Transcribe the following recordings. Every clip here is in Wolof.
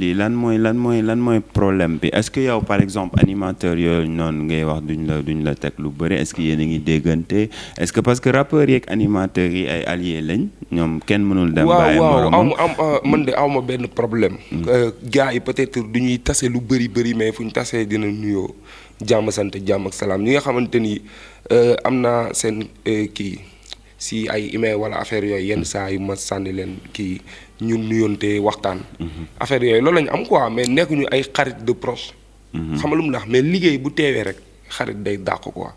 lii lan mooy lan mooy lan mooy problème bi est que yow par exemple animateur yooyu noonu ngay wax duñ la duñ la teg lu bëri est-ce yéen a ngi déggante est-ce que parce que rappeurs yeeg animateurs yi ay alliés lañ ñoom kenn mënul dem bàyyi moom waaw am ah, man de awma benn problème mm. euh, gars yi peut-être du ñuy tase lu bëri bëri mais fu ñu tasee dina nuyoo jàmm sant jàmm ak salaam ñi nga xamante ni euh, am naa seen euh, kii si ay email wala affaire yooyu yenn saa yu ma sànni leen kii ñun nuyonte waxtaan. Mm-hmm. affaire yooyu loolu ñu am quoi mais nekkuñu ay xarit de proche. Mm-hmm. xamalum ndax mais liggéey bu teewee rek xarit day dàq quoi.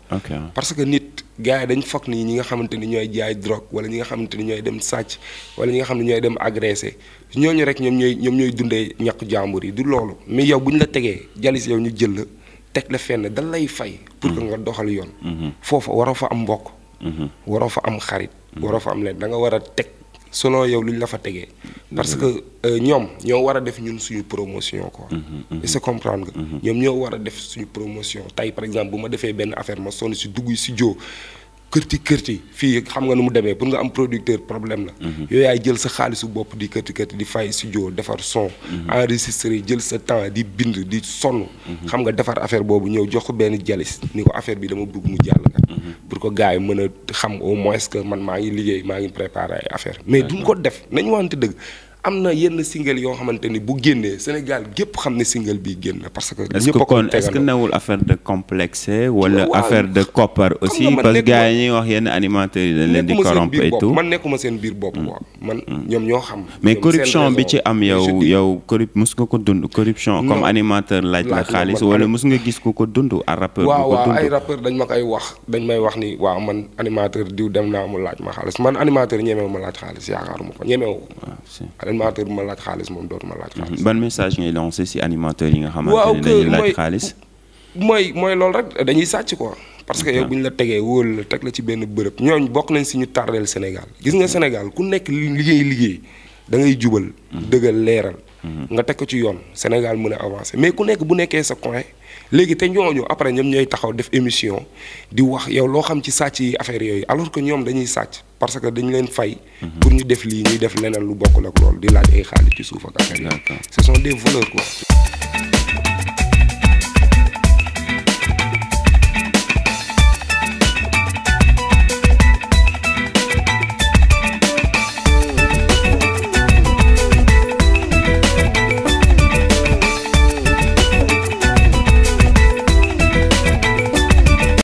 parce que nit gars yi dañ foog nii ñi nga xamante ni ñooy jaay drogue wala ñi nga xamante ni ñooy dem sàcc wala ñi nga xam ne ñooy dem agressé ñooñu rek ñoom ñooy ñoom ñooy dundee ñàkku jàmbur yi du loolu mais yow bu ñu la tegee jalis yow ñu jël la teg la fenn da lay fay. pour que mm-hmm. nga doxal yoon. foofu waroo fa am mbokk. Mm-hmm. waroo fa am xarit. Mm-hmm. waroo fa am leen danga war a teg selon yow lu ñu la fa tegee. Mm-hmm. parce que euh, ñoom ñoo war a def ñun suñu promotion quoi. est-ce que comprendre ñoom ñoo war a def suñu promotion tey par exemple bu ma defee benn affaire ma sonn si dugg si joo. kërti kërti fii xam nga nu mu demee pour nga am producteur problème na mhm. yooyu yaay jël sa xaalisu bopp di kërti kërti di fay si studio defar son. Mhm. enregistré jël sa temps di bind di sonn. Mhm. xam nga defar affaire boobu ñëw jox ko benn jalis ni ko affaire bi dama bëgg mu jàll kat. pour ko gars yi mën a xam au moins que man maa ngi liggéey maa ngi préparé ay affaire mais duñ ko def nañu wante dëgg. am na yenn single yoo xamante ni bu génnee Sénégal gépp xam ne single bi génn parce que. ñëpp a ko tegaloo est-ce que newul affaire de complexe. wala affaire de koppar aussi parce yenn animateurs leen di. corrompre et tout man seen biir bopp quoi. Mm. man mm. ñoo xam. mais corruption bi ci am yow yow corrup mus nga ko dund. corruption comme animateur laaj la xaalis wala mus nga gis ko ko dund. ak rappeur waaw waaw ay rappeur dañ ma koy wax dañ may wax ni waaw man animateur diw dem naa mu laaj ma xaalis man animateur ñemewu ma laaj xaalis yaakaaruma ko ñemewu animateur ma laaj xaalis moom dootuma laaj mhm. xaalis. ban message ngay lancé si animateur yi nga xamante ne dañuy mooy mooy loolu rek dañuy sàcc ko parce que bu ñu la tegee woo la teg la ci benn bërëb ñooñ bokk nañ si ñu tardeel Sénégal gis nga mhm. Sénégal ku nekk liggéey liggéey da ngay jubal. Mhm. dëggal leeral. nga teg ko ci yoon Sénégal mu a avancer mais ku nekk bu nekkee sa coin léegi te ñooñu après ñoom ñooy taxaw def émission di wax yow loo xam ci sàcc yi affaire yooyu alors que ñoom dañuy sàcc parce que dañu leen fay. pour ñu def lii ñuy def leneen lu bokkul ak loolu di laaj ay xaalis ci suuf ak affaire yooyu. ce des voleurs quoi.